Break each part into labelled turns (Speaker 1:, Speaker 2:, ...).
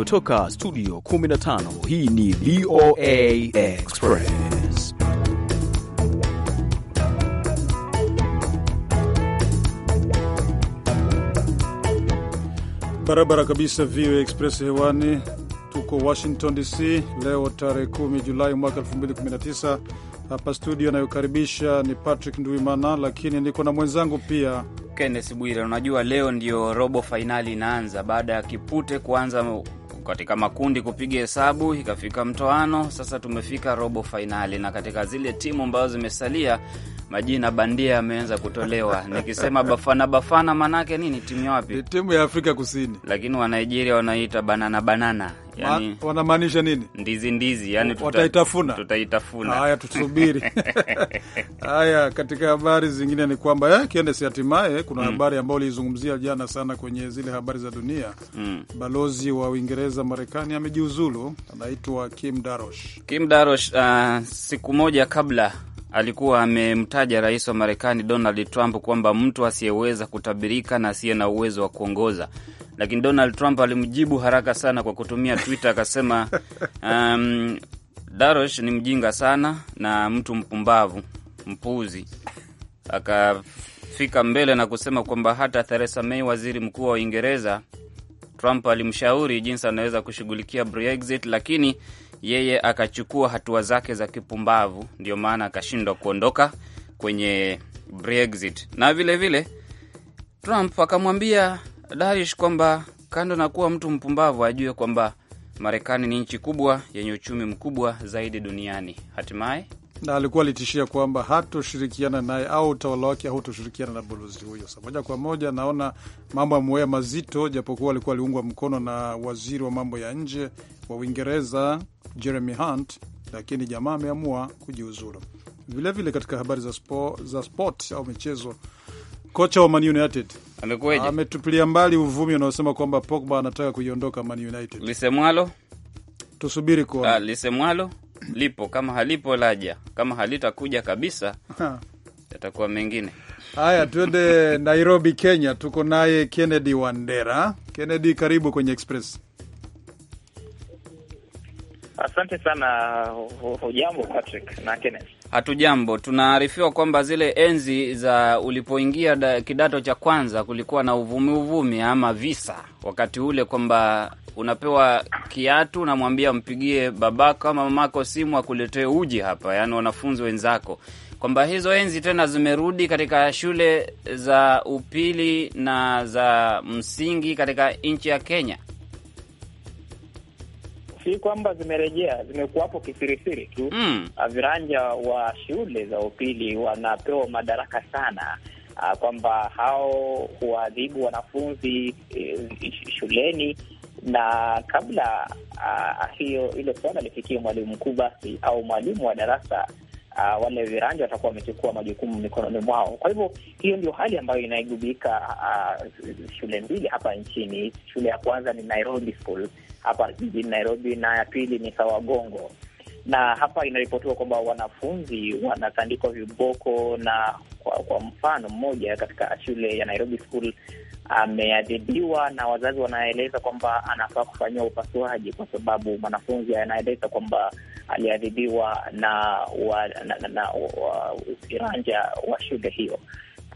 Speaker 1: kutoka studio 15 hii ni VOA Express
Speaker 2: barabara kabisa VOA Express hewani tuko Washington DC leo tarehe 10 Julai mwaka 2019 hapa studio anayokaribisha ni Patrick Nduimana lakini niko na mwenzangu pia
Speaker 3: Kennes Bwire. Unajua, leo ndio robo fainali inaanza baada ya kipute kuanza katika makundi kupiga hesabu, ikafika mtoano. Sasa tumefika robo fainali, na katika zile timu ambazo zimesalia majina bandia yameanza kutolewa. Nikisema Bafana Bafana manake nini? Timu ya wapi? Timu ya Afrika Kusini, lakini Wanigeria wanaita banana banana. Yani,
Speaker 2: wanamaanisha nini?
Speaker 3: Ndizi ndizi, yani wataitafuna, tutaitafuna. Haya, tusubiri
Speaker 2: haya. Katika habari zingine ni kwamba eh, si hatimaye kuna mm. habari ambayo ulizungumzia jana sana kwenye zile habari za dunia mm. balozi wa Uingereza Marekani amejiuzulu, anaitwa Kim Darosh.
Speaker 3: Kim Darosh, uh, siku moja kabla alikuwa amemtaja rais wa Marekani Donald Trump kwamba mtu asiyeweza kutabirika na asiye na uwezo wa kuongoza, lakini Donald Trump alimjibu haraka sana kwa kutumia Twitter akasema, um, Darosh ni mjinga sana na mtu mpumbavu, mpuzi Akafika mbele na kusema kwamba hata Theresa May, waziri mkuu wa Uingereza, Trump alimshauri jinsi anaweza kushughulikia Brexit, lakini yeye akachukua hatua zake za kipumbavu, ndio maana akashindwa kuondoka kwenye Brexit. Na vilevile vile, Trump akamwambia Darish kwamba kando na kuwa mtu mpumbavu, ajue kwamba Marekani ni nchi kubwa yenye uchumi mkubwa zaidi duniani. Hatimaye
Speaker 2: na alikuwa alitishia kwamba hatoshirikiana naye au utawala wake hautoshirikiana na balozi huyo. Sa moja kwa moja, naona mambo yamewea mazito, japokuwa alikuwa aliungwa mkono na waziri wa mambo ya nje wa Uingereza Jeremy Hunt, lakini jamaa ameamua kujiuzulu. Vilevile katika habari za, spo, za sport au michezo, kocha wa Man United ametupilia mbali uvumi unaosema kwamba Pogba anataka kuiondoka Man United. Lisemwalo tusubiri kuona. Ah, Lisemwalo
Speaker 3: lipo, kama halipo laja, kama halitakuja kabisa yatakuwa
Speaker 2: mengine. Haya, tuende Nairobi, Kenya. Tuko naye Kennedy Wandera. Kennedy, karibu kwenye Express.
Speaker 4: Asante sana.
Speaker 5: Hujambo Patrick na Kenneth?
Speaker 3: Hatujambo. Tunaarifiwa kwamba zile enzi za ulipoingia kidato cha kwanza kulikuwa na uvumi uvumi ama visa wakati ule, kwamba unapewa kiatu, unamwambia mpigie babako ama mamako simu akuletee uji hapa, yaani wanafunzi wenzako, kwamba hizo enzi tena zimerudi katika shule za upili na za msingi katika nchi ya Kenya
Speaker 4: si kwamba zimerejea, zimekuwapo
Speaker 5: kisirisiri tu mm. Viranja wa shule za upili wanapewa madaraka sana ah, kwamba hao huwaadhibu wanafunzi eh, shuleni na kabla ah, hiyo hilo suala lifikie mwalimu mkuu, basi au mwalimu wa darasa ah, wale viranja watakuwa wamechukua majukumu mikononi mwao. Kwa hivyo hiyo ndio hali ambayo inaigubika shule mbili hapa nchini. Shule ya kwanza ni Nairobi School hapa jijini Nairobi, na ya pili ni Sawagongo. Na hapa inaripotiwa kwamba wanafunzi wanatandikwa viboko, na kwa, kwa mfano mmoja katika shule ya Nairobi School ameadhibiwa na wazazi wanaeleza kwamba anafaa kufanyiwa upasuaji, kwa sababu mwanafunzi anaeleza kwamba aliadhibiwa na, na, na, na, na wa, kiranja wa shule hiyo.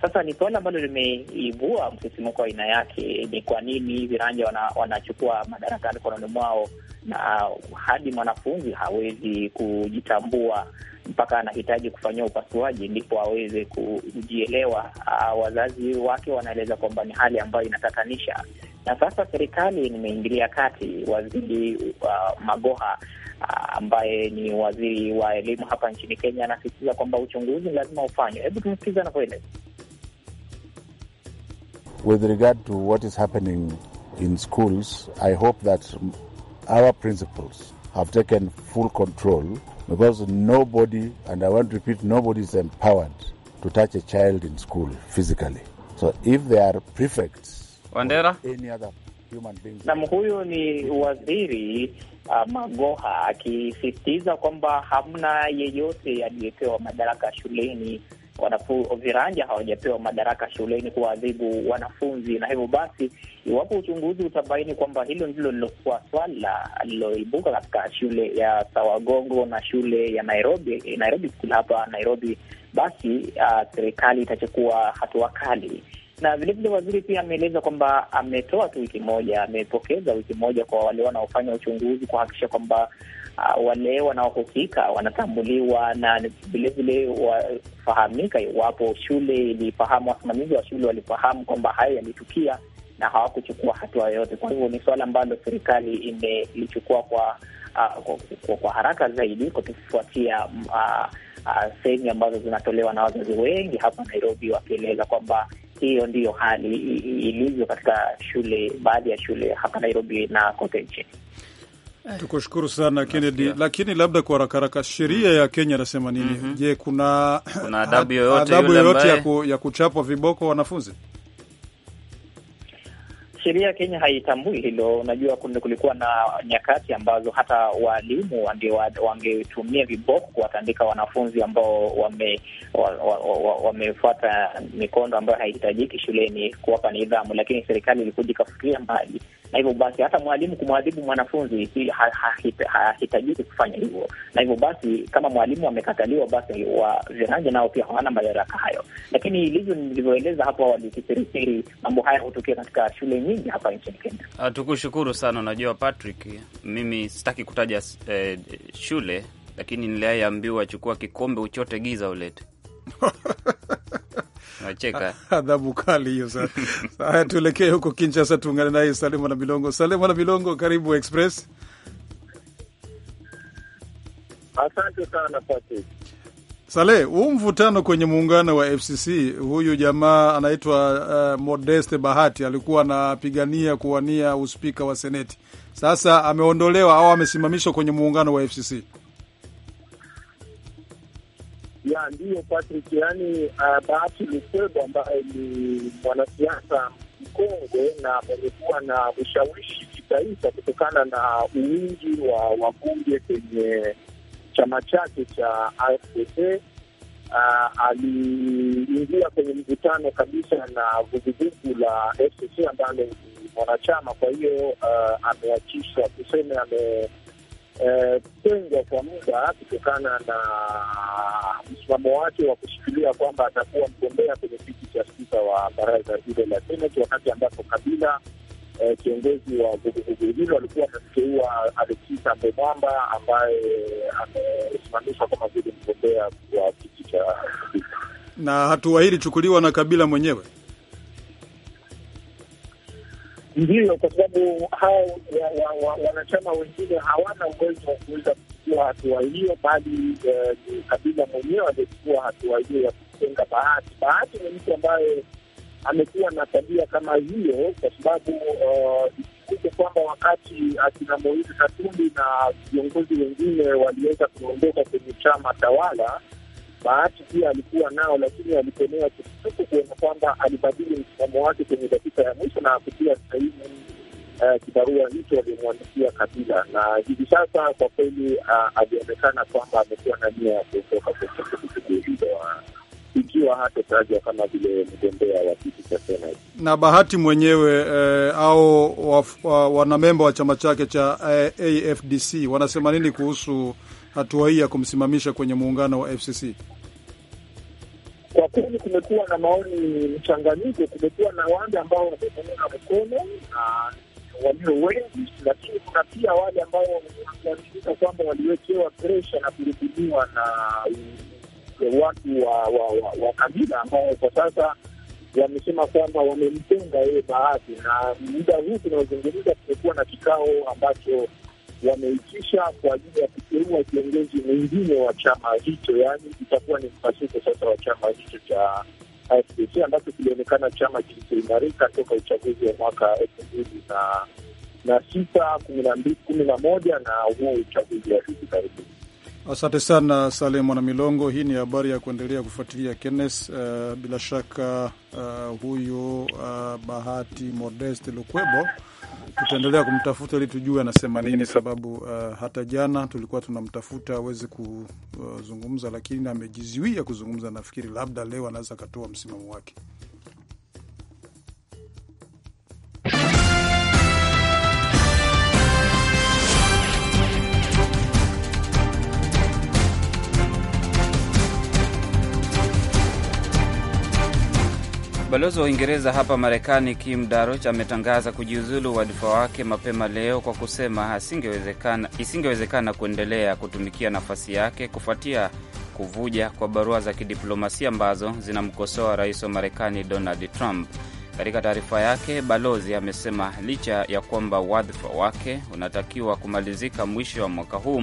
Speaker 5: Sasa ni suala ambalo limeibua msisimuko wa aina yake. Ni kwa nini viranja wana, wanachukua madaraka mikononi mwao na hadi mwanafunzi hawezi kujitambua mpaka anahitaji kufanyia upasuaji ndipo aweze kujielewa. Ah, wazazi wake wanaeleza kwamba ni hali ambayo inatatanisha, na sasa serikali nimeingilia kati. Waziri uh, Magoha uh, ambaye ni waziri wa elimu hapa nchini Kenya anasisitiza kwamba uchunguzi lazima ufanywe. Hebu tumsikize anavyoeleza.
Speaker 4: With regard to what is happening in schools, I hope that our principals have taken full control because nobody, and I want to repeat, nobody is empowered to touch a child in school physically. So if they are prefects Wandera, any other human beings. Nam, huyo ni waziri uh, Magoha akisisitiza
Speaker 5: kwamba hamna yeyote aliyepewa madaraka shuleni wanafu, viranja hawajapewa madaraka shuleni kuwaadhibu wanafunzi, na hivyo basi, iwapo uchunguzi utabaini kwamba hilo ndilo lilokuwa swala lililoibuka katika shule ya Sawagongo na shule ya Nairobi, Nairobi School hapa Nairobi, basi ah, serikali uh, itachukua hatua kali na vilevile waziri pia ameeleza kwamba ametoa tu wiki moja, amepokeza wiki moja kwa wale wanaofanya uchunguzi kuhakikisha kwamba Ah, wale wanaohusika wanatambuliwa na vilevile wafahamika. Iwapo shule ilifahamu, wasimamizi wa shule walifahamu kwamba hayo yalitukia na hawakuchukua hatua yoyote. Kwa hivyo ni suala ambalo serikali imelichukua kwa, uh, kwa, kwa, kwa haraka zaidi kutufuatia uh, ah, uh, sehemu ambazo zinatolewa na wazazi wengi hapa Nairobi wakieleza kwamba hiyo ndiyo hali ilivyo katika shule, baadhi ya shule hapa Nairobi na kote nchini.
Speaker 2: Eh. Tukushukuru sana Kennedy, lakini labda kwa haraka haraka, sheria ya Kenya nasema nini? mm -hmm. Je, kuna, kuna adabu yoyote, adabu yoyote ya, ku, ya kuchapwa viboko wanafunzi?
Speaker 5: Sheria ya Kenya haitambui hilo. Unajua, kulikuwa na nyakati ambazo hata waalimu wangetumia viboko kuwatandika wanafunzi ambao wamefuata wa, wa, wa, mikondo ambayo haihitajiki shuleni kuwapa nidhamu, lakini serikali ilikuja ikafikiria mbali na hivyo basi hata mwalimu kumwadhibu mwanafunzi si hahitajiki ha, ha, ha, kufanya hivyo, na hivyo basi kama mwalimu amekataliwa, basi waviraji nao pia hawana madaraka hayo. Lakini ilivyo nilivyoeleza hapo awali, kisirisiri mambo haya hutokea katika shule nyingi hapa nchini Kenya.
Speaker 3: Ah, tukushukuru sana. Unajua Patrick, mimi sitaki kutaja eh, shule lakini niliyeambiwa achukua kikombe uchote giza ulete
Speaker 2: adhabu kali hiyo Sasa Haya, tuelekee huko Kinshasa, tuungane naye Salema na Milongo. Salema na Milongo, karibu Express.
Speaker 1: Asante sana
Speaker 2: Sale, huu mvutano kwenye muungano wa FCC, huyu jamaa anaitwa uh, Modeste Bahati alikuwa anapigania kuwania uspika wa Seneti, sasa ameondolewa au amesimamishwa kwenye muungano wa FCC
Speaker 6: ya ndiyo Patrick, yani uh, Bahati Lukwebo ambaye ni mwanasiasa mkongwe na amekuwa na ushawishi kitaifa kutokana na uwingi wa wabunge kwenye chama chake cha AFDC. Uh, ah, aliingia kwenye mkutano kabisa na vuguvugu la FCC ambalo ni mwanachama. Kwa hiyo uh, ah, ameachishwa tuseme ame kutengwa eh, kwa muda kutokana na msimamo wake wa kushikilia kwamba atakuwa mgombea kwenye kiti cha spika wa baraza hilo la Seneti, wakati ambapo Kabila eh, kiongozi wa vuguvugu hilo alikuwa amemteua Alexis mbomwamba ambaye amesimamishwa kama vile mgombea wa kiti cha spika,
Speaker 2: na hatua hii ilichukuliwa na Kabila mwenyewe. Ndiyo, kwa
Speaker 6: sababu hao wanachama wengine hawana uwezo wa kuweza kuchukua hatua hiyo, bali eh, ni Kabila mwenyewe amechukua hatua hiyo ya kutenga Bahati. Bahati ni mtu ambaye amekuwa na tabia kama hiyo, kwa sababu eh, ikumbuke kwamba wakati akina Moise Katumbi na viongozi wengine waliweza kuondoka kwenye chama tawala bahati pia alikuwa nao, lakini alipenea kitutuku kuona kwamba alibadili msimamo wake kwenye dakika ya mwisho na akutia sahihi uh, eh, kibarua hicho alimwandikia Kabila, na hivi sasa kwa kweli uh, alionekana kwamba amekuwa na nia ya kuondoka kwenye ikiwa hata taja kama vile mgombea wa kiti cha senati
Speaker 2: na bahati mwenyewe eh, au wa, wanamemba wa chama chake cha eh, AFDC wanasema nini kuhusu hatua hii ya kumsimamisha kwenye muungano wa FCC?
Speaker 6: Kwa kweli kumekuwa na maoni mchanganyiko. Kumekuwa na wale ambao wamemunga mkono na walio wengi, lakini kuna pia wale ambao wakiaminika kwamba waliwekewa presha na kurudumiwa na watu wa, wa, wa, wa kabila ambao kwa sasa wamesema kwamba wamemtenga yeye baadhi na muda huu tunaozungumza kumekuwa na kikao ambacho wameitisha kwa ajili ya kuteua kiongozi mwingine wa chama hicho, yaani itakuwa ni mpasuko sasa wa chama hicho cha FDC ambacho kilionekana chama kilichoimarika toka uchaguzi wa mwaka elfu mbili na na sita kumi na mbili kumi na moja na huo uchaguzi wa hivi karibuni.
Speaker 2: Asante sana Saleh Mwana Milongo. Hii ni habari ya kuendelea kufuatilia Kennes. Uh, bila shaka uh, huyu uh, Bahati modest Lukwebo tutaendelea kumtafuta ili tujue anasema nini, sababu uh, hata jana tulikuwa tunamtafuta aweze kuzungumza, lakini amejizuia kuzungumza. Nafikiri labda leo anaweza akatoa msimamo wake.
Speaker 3: Balozi wa Uingereza hapa Marekani Kim daroch ametangaza kujiuzulu wadhifa wake mapema leo kwa kusema isingewezekana kuendelea kutumikia nafasi yake kufuatia kuvuja kwa barua za kidiplomasia ambazo zinamkosoa rais wa Marekani Donald Trump. Katika taarifa yake, balozi amesema licha ya kwamba wadhifa wake unatakiwa kumalizika mwisho wa mwaka huu,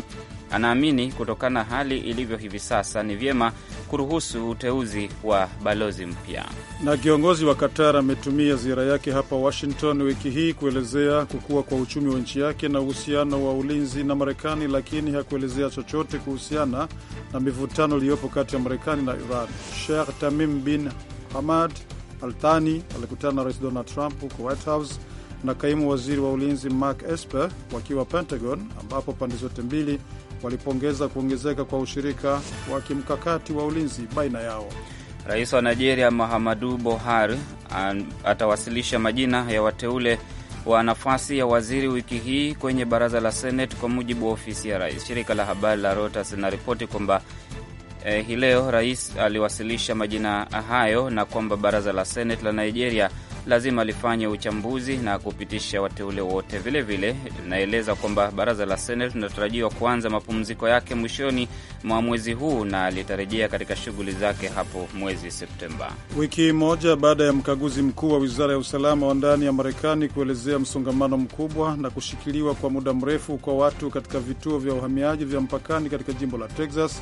Speaker 3: anaamini kutokana na hali ilivyo hivi sasa ni vyema kuruhusu uteuzi wa balozi
Speaker 2: mpya. Na kiongozi wa Qatar ametumia ziara yake hapa Washington wiki hii kuelezea kukua kwa uchumi wa nchi yake na uhusiano wa ulinzi na Marekani, lakini hakuelezea chochote kuhusiana na mivutano iliyopo kati ya Marekani na Iran. Sheikh Tamim bin Hamad Althani alikutana na Rais Donald Trump huko White House na kaimu waziri wa ulinzi Mark Esper wakiwa Pentagon, ambapo pande zote mbili walipongeza kuongezeka kwa ushirika wa kimkakati wa ulinzi baina yao.
Speaker 3: Rais wa Nigeria Muhammadu Buhari atawasilisha majina ya wateule wa nafasi ya waziri wiki hii kwenye baraza la senet kwa mujibu wa ofisi ya rais. Shirika la habari la Reuters linaripoti kwamba eh, hii leo rais aliwasilisha majina hayo na kwamba baraza la Seneti la Nigeria lazima lifanye uchambuzi na kupitisha wateule wote. Vilevile linaeleza kwamba baraza la Seneti linatarajiwa kuanza mapumziko yake mwishoni mwa mwezi huu na litarejea katika shughuli zake hapo mwezi Septemba.
Speaker 2: Wiki moja baada ya mkaguzi mkuu wa wizara ya usalama wa ndani ya Marekani kuelezea msongamano mkubwa na kushikiliwa kwa muda mrefu kwa watu katika vituo vya uhamiaji vya mpakani katika jimbo la Texas,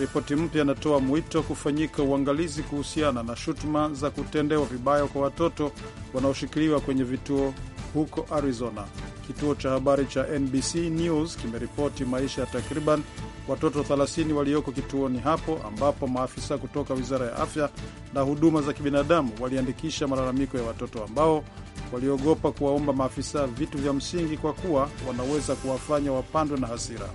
Speaker 2: Ripoti mpya inatoa mwito kufanyika uangalizi kuhusiana na shutuma za kutendewa vibaya kwa watoto wanaoshikiliwa kwenye vituo huko Arizona. Kituo cha habari cha NBC News kimeripoti maisha ya takriban watoto 30 walioko kituoni hapo, ambapo maafisa kutoka wizara ya afya na huduma za kibinadamu waliandikisha malalamiko ya watoto ambao waliogopa kuwaomba maafisa vitu vya msingi kwa kuwa wanaweza kuwafanya wapandwe na hasira.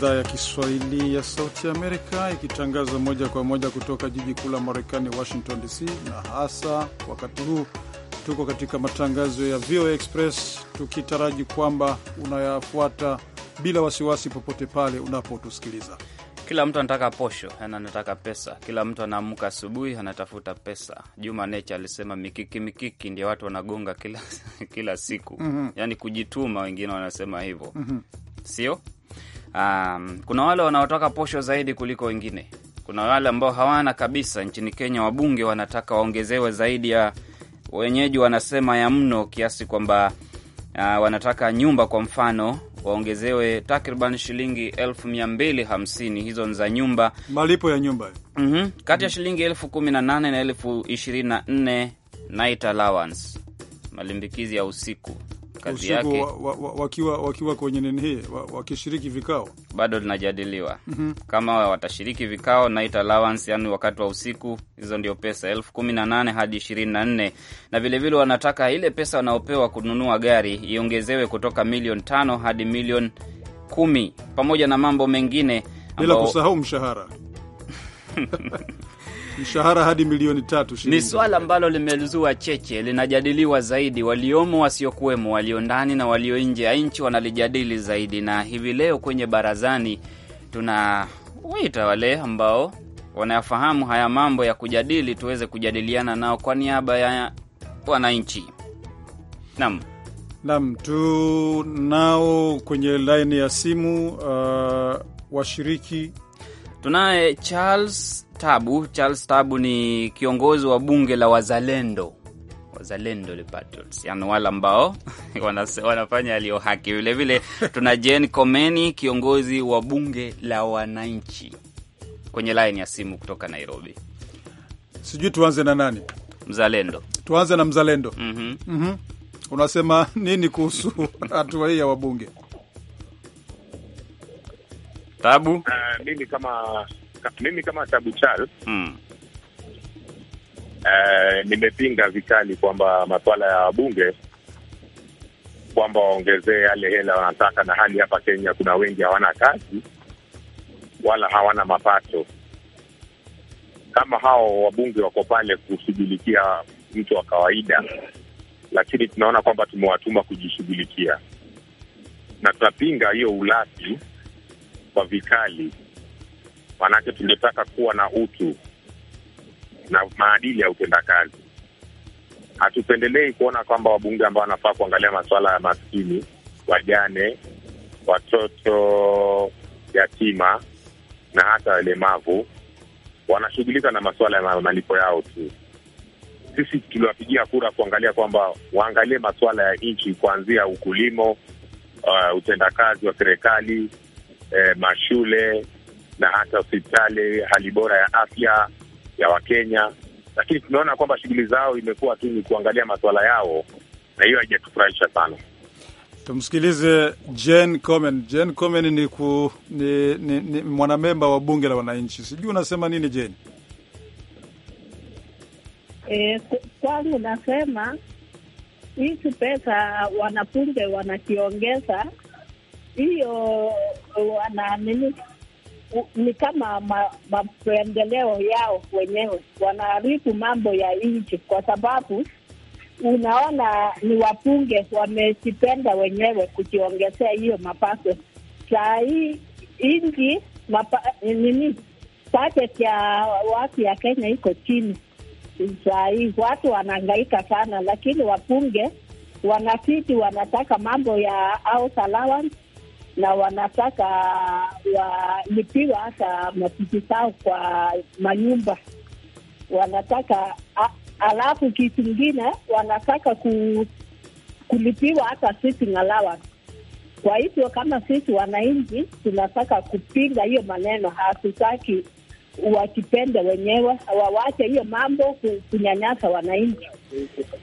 Speaker 2: idhaa ya Kiswahili ya Sauti Amerika ikitangaza moja kwa moja kutoka jiji kuu la Marekani, Washington DC, na hasa wakati huu tuko katika matangazo ya VOA Express tukitaraji kwamba unayafuata bila wasiwasi popote pale unapotusikiliza.
Speaker 3: Kila mtu anataka posho, yani anataka pesa. Kila mtu anaamka asubuhi anatafuta pesa. Juma Nature alisema mikiki mikiki ndio watu wanagonga kila, kila siku mm -hmm. Yani kujituma, wengine wanasema hivyo mm -hmm. sio um, kuna wale wanaotaka posho zaidi kuliko wengine. Kuna wale ambao hawana kabisa. Nchini Kenya wabunge wanataka waongezewe zaidi ya wenyeji wanasema ya mno, kiasi kwamba uh, wanataka nyumba kwa mfano waongezewe takriban shilingi elfu mia mbili hamsini hizo za nyumba, malipo
Speaker 2: ya nyumba mm -hmm.
Speaker 3: kati ya shilingi elfu kumi na nane na elfu ishirini na nne night allowance, malimbikizi ya usiku kazi yake
Speaker 2: wakiwa, wakiwa kwenye nini hii wa, wakishiriki vikao
Speaker 3: bado linajadiliwa mm -hmm. kama watashiriki vikao night allowance, yani wakati wa usiku, hizo ndio pesa elfu kumi na nane hadi ishirini na nne na vilevile wanataka ile pesa wanaopewa kununua gari iongezewe kutoka milioni tano hadi milioni kumi pamoja na mambo mengine ambao... bila kusahau
Speaker 2: mshahara mshahara hadi milioni tatu Ni swala
Speaker 3: ambalo limezua cheche, linajadiliwa zaidi, waliomo, wasiokuwemo, walio ndani na walio nje ya nchi wanalijadili zaidi, na hivi leo kwenye barazani wita wale ambao wanayafahamu haya mambo ya kujadili, tuweze kujadiliana nao kwa niaba ya wananchi. Naam.
Speaker 2: Nam, tunao kwenye laini ya simu uh, washiriki. Tunaye
Speaker 3: Charles Tabu, Charles Tabu ni kiongozi wa bunge la wazalendo Wazalendo Liberals, yani wale ambao wanafanya aliyo haki. Vilevile tuna Jen Komeni, kiongozi wa bunge la wananchi,
Speaker 2: kwenye laini ya simu kutoka Nairobi. Sijui tuanze na nani? Mzalendo, tuanze na mzalendo. mm -hmm. Mm -hmm. Unasema nini kuhusu hatua hii ya wabunge Tabu? Uh, mimi kama
Speaker 6: mimi kama Tabuchal mm. Uh, eh, nimepinga vikali kwamba masuala ya wabunge kwamba waongezee yale hela wanataka, na hali hapa Kenya kuna wengi hawana kazi wala hawana mapato. Kama hao wabunge wako pale kushughulikia mtu wa kawaida, lakini tunaona kwamba tumewatuma kujishughulikia, na tunapinga hiyo ulafi kwa vikali maanake tungetaka kuwa na utu na maadili ya utendakazi. Hatupendelei kuona kwamba wabunge ambao wanafaa kuangalia masuala ya maskini, wajane, watoto yatima na hata walemavu wanashughulika na masuala ya malipo yao tu. Sisi tuliwapigia kura kuangalia kwamba waangalie masuala ya nchi, kuanzia ukulimo, uh, utendakazi wa serikali, eh, mashule na hata hospitali, hali bora ya afya ya Wakenya, lakini tumeona kwamba shughuli zao imekuwa tu ni kuangalia masuala yao, na hiyo haijatufurahisha sana.
Speaker 2: Tumsikilize Jane Comen. Jane Comen ni, ku, ni, ni, ni mwanamemba wa bunge la wananchi. Sijui unasema nini Jane?
Speaker 7: E, eh, kwangu nasema hizi pesa wanabunge wanakiongeza hiyo wana nini ni kama mapendeleo ma yao wenyewe, wanaharibu mambo ya nchi kwa sababu unaona ni wapunge wamejipenda wenyewe kujiongezea hiyo mapato. Saa hii nchi nini, budget ya watu ya Kenya iko chini. Saa hii watu wanaangaika sana, lakini wapunge wanafiti wanataka mambo ya house allowance na wanataka walipiwa hata matiti zao kwa manyumba wanataka a, alafu kitu ingine wanataka ku, kulipiwa hata sisi allowance. Kwa hivyo kama sisi wananchi tunataka kupinga hiyo maneno, hatutaki wakipenda wenyewe, wawache hiyo mambo kunyanyasa wananchi.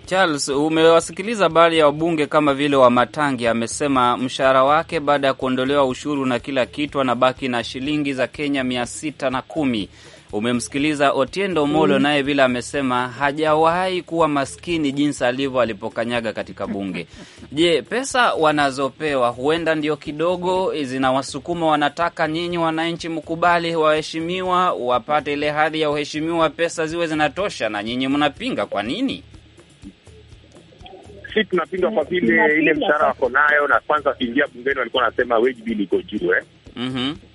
Speaker 3: Charles, umewasikiliza baadhi ya wabunge kama vile Wamatangi amesema mshahara wake baada ya kuondolewa ushuru na kila kitu anabaki na shilingi za Kenya mia sita na kumi. Umemsikiliza Otiendo Molo, mm. naye vile amesema hajawahi kuwa maskini jinsi alivyo alipokanyaga katika bunge. Je, pesa wanazopewa huenda ndio kidogo zinawasukuma, wanataka nyinyi wananchi mkubali, waheshimiwa wapate ile hadhi ya uheshimiwa, pesa ziwe zinatosha, na nyinyi mnapinga kwa nini?
Speaker 6: Si tunapinga kwa vile ile mshahara wako nayo, na kwanza wakiingia bungeni walikuwa wanasema wage bill iko juu eh? mm -hmm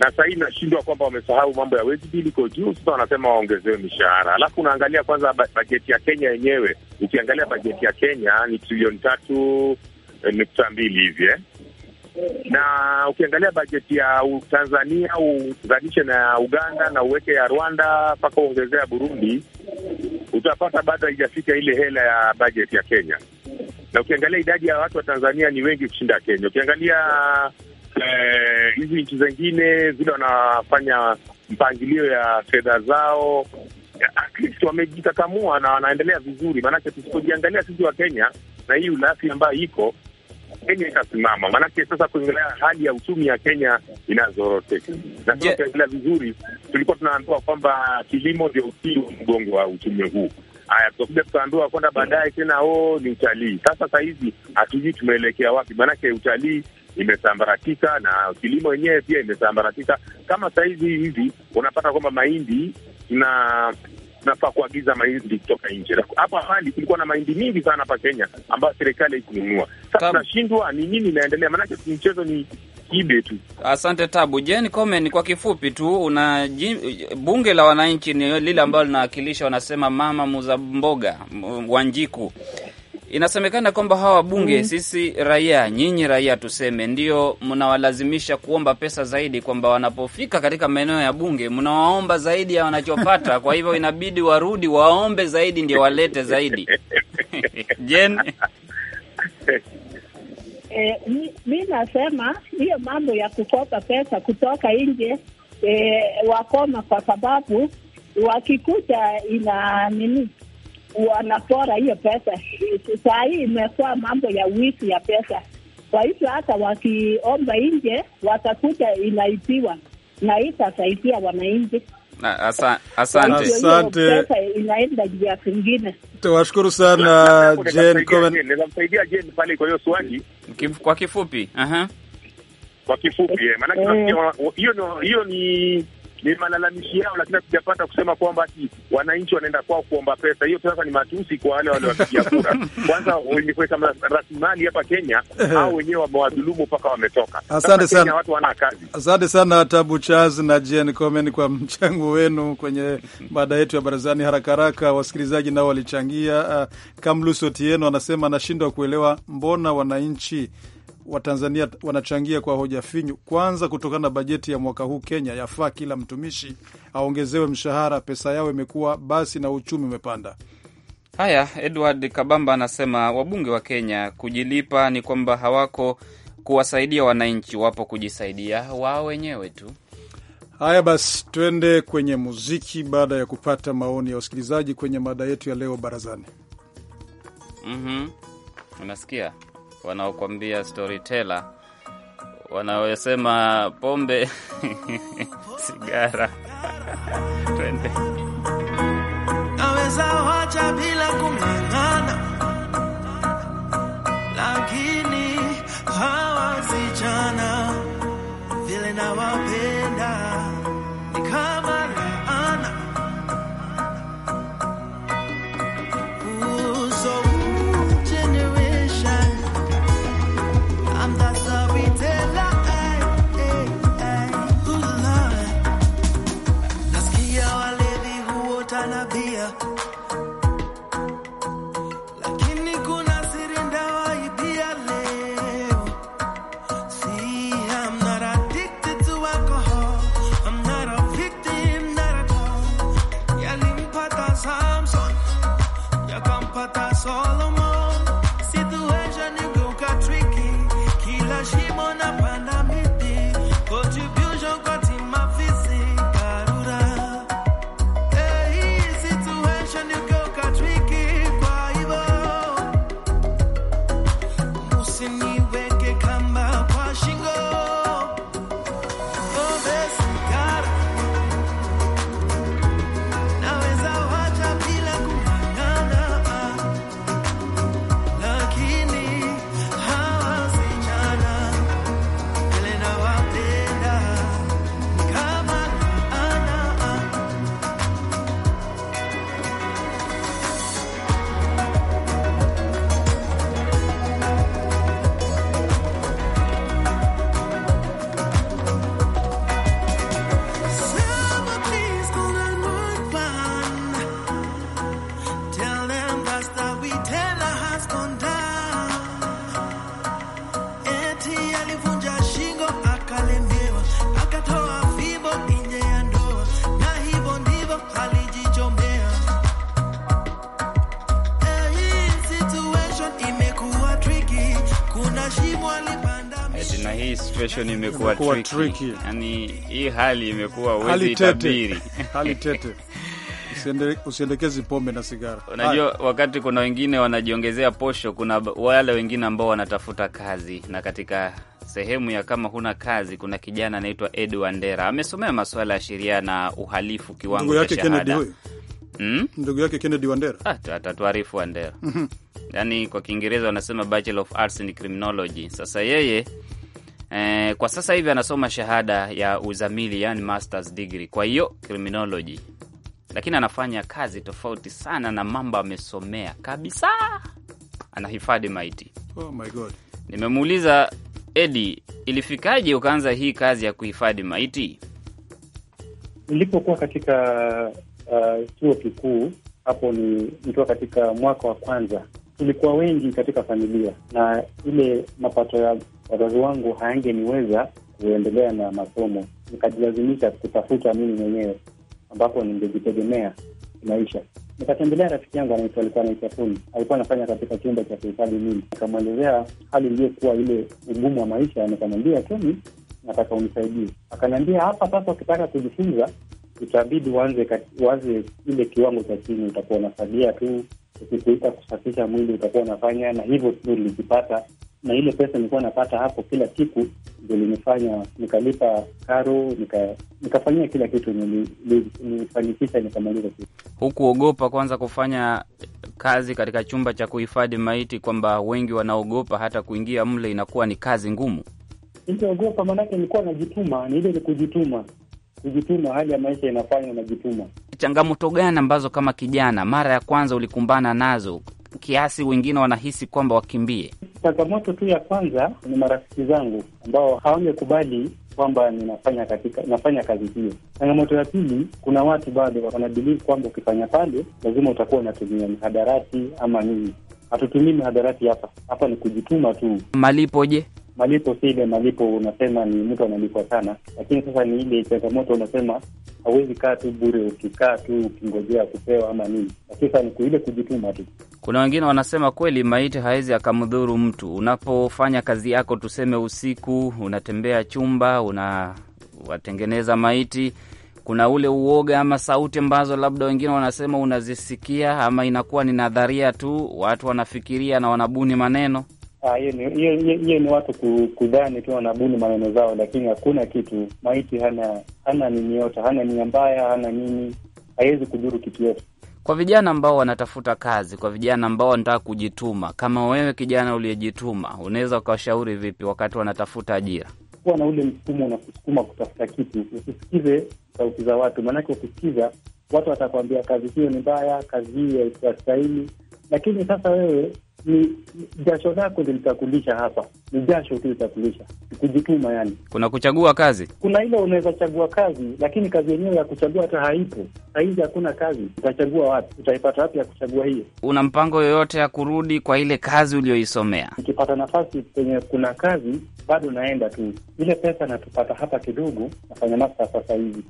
Speaker 6: na sasa hii nashindwa kwamba wamesahau mambo ya wage bill iko juu, sasa wanasema waongezewe mishahara. Alafu unaangalia kwanza bajeti ya Kenya yenyewe, ukiangalia bajeti ya Kenya ni trilioni tatu eh, nukta mbili hivi eh, na ukiangalia bajeti ya Tanzania uzalishe na Uganda na uweke ya Rwanda mpaka uongezea Burundi, utapata bado haijafika ile hela ya bajeti ya Kenya. Na ukiangalia idadi ya watu wa Tanzania ni wengi kushinda Kenya, ukiangalia Eh, hizi eh, nchi zingine vile wanafanya mpangilio ya fedha zao at least wamejikakamua na wanaendelea vizuri, maanake tusipojiangalia sisi wa Kenya na hii ulafi ambayo iko Kenya itasimama, maanake sasa kuangalia hali ya uchumi ya Kenya inazoroteka, na sasa tukiangalia vizuri, tulikuwa tunaambiwa kwamba kilimo ndio wa mgongo wa uchumi huu. Haya, tutakuja tukaambiwa kwenda baadaye tena, oh, ni utalii. Sasa sahizi hatujui tumeelekea wapi, maanake utalii imesambaratika na kilimo yenyewe pia imesambaratika. Kama sahizi hivi unapata kwamba mahindi na nafaa kuagiza mahindi kutoka nje. Hapo awali kulikuwa na mahindi mingi sana hapa Kenya ambayo serikali haikununua. Sasa tunashindwa ni nini inaendelea, maanake mchezo ni
Speaker 3: kibe tu. Asante Tabu. Jen Komen, kwa kifupi tu, una bunge la wananchi ni lile ambalo linawakilisha, wanasema mama muza mboga Wanjiku Inasemekana kwamba hawa wabunge mm, sisi raia, nyinyi raia tuseme, ndio mnawalazimisha kuomba pesa zaidi, kwamba wanapofika katika maeneo ya bunge mnawaomba zaidi ya wanachopata. Kwa hivyo inabidi warudi waombe zaidi, ndio walete zaidi. Jen,
Speaker 7: e, mi nasema hiyo mambo ya kukopa pesa kutoka nje e, wakoma, kwa sababu wakikuta ina nini wanapora hiyo pesa. Saa hii imekuwa mambo ya wizi ya pesa, kwa hivyo hata wakiomba nje watakuta inaitiwa na hii tasaidia wananchi.
Speaker 3: asante, asante.
Speaker 7: Inaenda jia zingine.
Speaker 2: Tuwashukuru sana Jane Comen.
Speaker 7: Nitamsaidia
Speaker 3: Jane pale kwa hiyo swali. Kwa kifupi, aha.
Speaker 6: Kwa kifupi, eh, maana eh. hiyo hiyo ni ni malalamishi yao, lakini hatujapata kusema kwamba ati wananchi wanaenda kwao kuomba pesa. Hiyo sasa ni matusi kwa wale waliowapigia kura. Kwanza ni kuweka rasilimali hapa Kenya au wenyewe wamewadhulumu mpaka wametoka. Asante sana, watu wana kazi.
Speaker 2: Asante sana Tabu Charles na Jen comen kwa mchango wenu kwenye mada yetu ya barazani. Haraka haraka, wasikilizaji nao walichangia. Uh, anasema anashindwa kuelewa mbona wananchi Watanzania wanachangia kwa hoja finyu. Kwanza, kutokana na bajeti ya mwaka huu Kenya yafaa kila mtumishi aongezewe mshahara, pesa yao imekuwa basi na uchumi umepanda.
Speaker 3: Haya, Edward Kabamba anasema wabunge wa Kenya kujilipa ni kwamba hawako kuwasaidia wananchi, wapo kujisaidia wao wenyewe tu.
Speaker 2: Haya basi, twende kwenye muziki baada ya kupata maoni ya wasikilizaji kwenye mada yetu ya leo barazani.
Speaker 3: mm -hmm. Unasikia wanaokwambia storyteller, wanaosema pombe sigara twende
Speaker 1: naweza wacha bila kumangana lakini hawa vijana vile nawapenda
Speaker 3: situation imekuwa tricky. Tricky. Yani, hii hali imekuwa uwezi itabiri.
Speaker 2: Hali tete. Usiendekezi pombe na sigara. Unajua,
Speaker 3: wakati kuna wengine wanajiongezea posho, kuna wale wengine ambao wanatafuta kazi, na katika sehemu ya kama huna kazi, kuna kijana anaitwa Ed Wandera amesomea masuala ya sheria na uhalifu kiwango cha shahada. Hmm? Ndugu yake Kennedy Wandera ah, atatuarifu Wandera. Mm Yani, kwa Kiingereza wanasema Bachelor of Arts in Criminology. Sasa yeye Eh, kwa sasa hivi anasoma shahada ya uzamili yani masters degree, kwa hiyo criminology, lakini anafanya kazi tofauti sana na mambo amesomea kabisa. Anahifadhi maiti. Oh my God, nimemuuliza Edi, ilifikaje ukaanza hii kazi ya kuhifadhi maiti?
Speaker 4: Nilipokuwa katika uh, chuo uh, kikuu hapo, ni nikiwa katika mwaka wa kwanza, tulikuwa wengi katika familia na ile mapato ya wazazi wangu niweza kuendelea na masomo, nikajilazimisha kutafuta mimi mwenyewe ambapo ningejitegemea maisha. Nikatembelea rafiki yangu anaitwa alikuwa anaitwa Tuni, alikuwa anafanya katika chumba cha serikali. mimi. Nikamwelezea hali iliyokuwa ile ugumu wa maisha, nikamwambia Tuni, nataka unisaidie. Akaniambia hapa sasa, ukitaka kujifunza itabidi uanze uanze ile kiwango cha chini, utakuwa unasadia tu, ukikuita kusafisha mwili utakuwa unafanya, na hivyo tu nilikipata na ile pesa nilikuwa napata hapo kila siku ndio linifanya nikalipa karo, nikafanyia nika kila kitu, nilifanikisha nikamaliza kitu.
Speaker 3: Hukuogopa kwanza kufanya kazi katika chumba cha kuhifadhi maiti, kwamba wengi wanaogopa hata kuingia mle, inakuwa ni kazi ngumu?
Speaker 4: Niliogopa maanake nilikuwa najituma, ni ile ni kujituma, kujituma. Hali ya maisha inafanya
Speaker 3: unajituma. Changamoto gani ambazo kama kijana mara ya kwanza ulikumbana nazo kiasi wengine wanahisi kwamba wakimbie?
Speaker 4: Changamoto tu ya kwanza ni marafiki zangu ambao hawangekubali kwamba ninafanya katika nafanya kazi hiyo. Changamoto ya pili, kuna watu bado wanabelieve kwamba ukifanya pale lazima utakuwa unatumia mihadarati ama nini. Hatutumii mihadarati hapa, hapa ni kujituma tu.
Speaker 3: Malipo je?
Speaker 4: malipo si ile malipo unasema ni mtu analipwa sana, lakini sasa ni ile changamoto unasema hauwezi kaa tu bure, ukikaa tu ukingojea kupewa ama nini, lakini sasa ni ile kujituma tu.
Speaker 3: Kuna wengine wanasema kweli maiti hawezi akamdhuru mtu. Unapofanya kazi yako, tuseme usiku, unatembea chumba, unawatengeneza maiti kuna ule uoga ama sauti ambazo labda wengine wanasema unazisikia, ama inakuwa ni nadharia tu, watu wanafikiria na wanabuni maneno.
Speaker 4: Ah, hiyo ni watu kudhani tu wanabuni maneno zao, lakini hakuna kitu. Maiti hana hana nini yote, hana nia mbaya, hana nini, haiwezi kudhuru kitu yote.
Speaker 3: Kwa vijana ambao wanatafuta kazi, kwa vijana ambao wanataka kujituma, kama wewe kijana uliyejituma, unaweza ukawashauri vipi wakati wanatafuta ajira?
Speaker 4: Kuwa na ule msukumo unakusukuma kutafuta kitu, usisikize sauti za watu, maanake ukisikiza watu watakwambia kazi hiyo ni mbaya, kazi hii haistahili lakini sasa wewe ni jasho lako ndio litakulisha hapa, ni jasho tu litakulisha kujituma. Yani
Speaker 3: kuna kuchagua kazi,
Speaker 4: kuna ile unaweza chagua kazi, lakini kazi yenyewe ya kuchagua hata haipo sahizi, hakuna kazi. Utachagua wapi? Utaipata wapi ya kuchagua hiyo?
Speaker 3: Una mpango yoyote ya kurudi kwa ile kazi uliyoisomea?
Speaker 4: Nikipata nafasi kwenye kuna kazi, bado naenda tu, ile pesa natupata hapa kidogo, nafanya masta sasa hivi.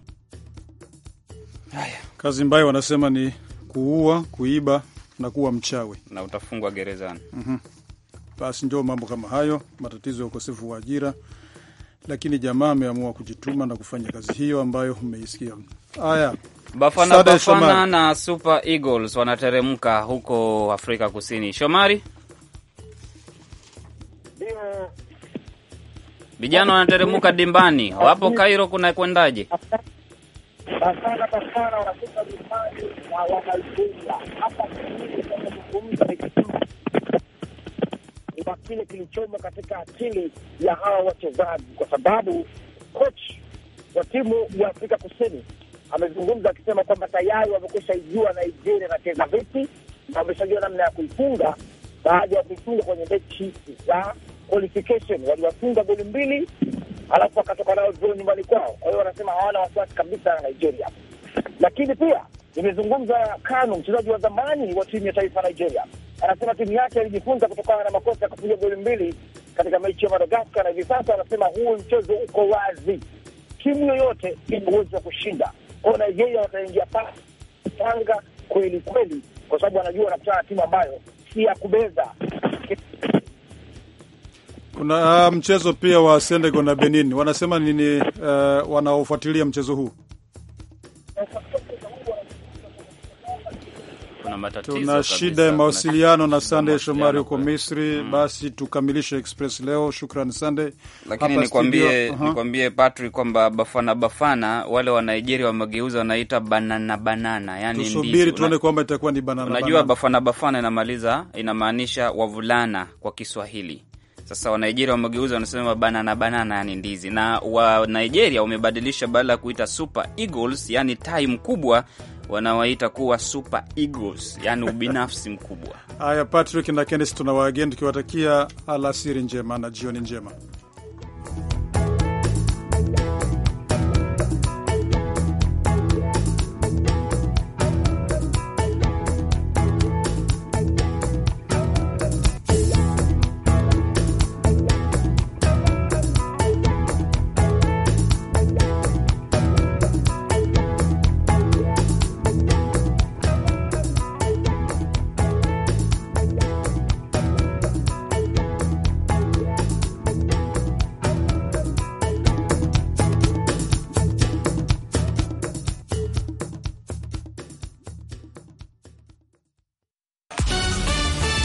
Speaker 2: Haya, kazi mbayo wanasema ni kuua, kuiba nakuwa mchawi na
Speaker 3: utafungwa gerezani.
Speaker 2: mm -hmm. Basi ndio mambo kama hayo, matatizo ya ukosefu wa ajira, lakini jamaa ameamua kujituma na kufanya kazi hiyo ambayo umeisikia. Haya, Bafana Bafana
Speaker 3: na Super Eagles wanateremka huko Afrika Kusini. Shomari, vijana wanateremka dimbani, wapo Kairo, kuna kwendaje? Pasana
Speaker 6: pasana wanakuta vipaji na wanaikula hapa kile kilichomo katika akili ya hawa wachezaji, kwa sababu coach wa timu ya Afrika Kusini amezungumza akisema kwamba tayari wamekusha ijua Nigeria anacheza vipi na wameshajua namna ya kuifunga baada ya kuifunga kwenye mechi za qualification. Waliwafunga goli mbili alafu wakatoka nao zero nyumbani kwao. Kwa hiyo wanasema hawana wasiwasi kabisa na Nigeria. Lakini pia nimezungumza Kanu, mchezaji wa zamani wa timu ya taifa Nigeria, anasema timu yake alijifunza kutokana na makosa ya kupiga goli mbili katika mechi ya Madagaskar, na hivi sasa anasema huu mchezo uko wazi, timu yoyote ina uwezo wa kushinda. Kwao Nigeria wataingia pasi tanga kweli kweli, kwa sababu wanajua wanakutana na timu ambayo si ya kubeza
Speaker 2: kuna ah, mchezo pia wa Senegal na Benin, wanasema nini? Uh, wanaofuatilia mchezo huu tuna shida ya mawasiliano na Sande Shomari huko Misri. mm. Basi tukamilishe Express leo. shukran Sande, lakini nikwambie uh -huh.
Speaker 3: nikwambie uh-huh. Patrick kwamba bafana bafana wale wa Nigeria wamegeuza wanaita banana banana, yani tusubiri tuone
Speaker 2: kwamba itakuwa ni banana. Unajua
Speaker 3: bafana bafana inamaliza inamaanisha wavulana kwa Kiswahili sasa Wanigeria wamegeuza, wanasema banana banana, yani ndizi. Na Wanigeria wamebadilisha, badala ya kuita Super Eagles, yani tai mkubwa wanawaita kuwa Super Eagles, yani ubinafsi mkubwa.
Speaker 2: Haya, Patrick na Kennes, tuna wageni tukiwatakia alasiri njema na jioni njema.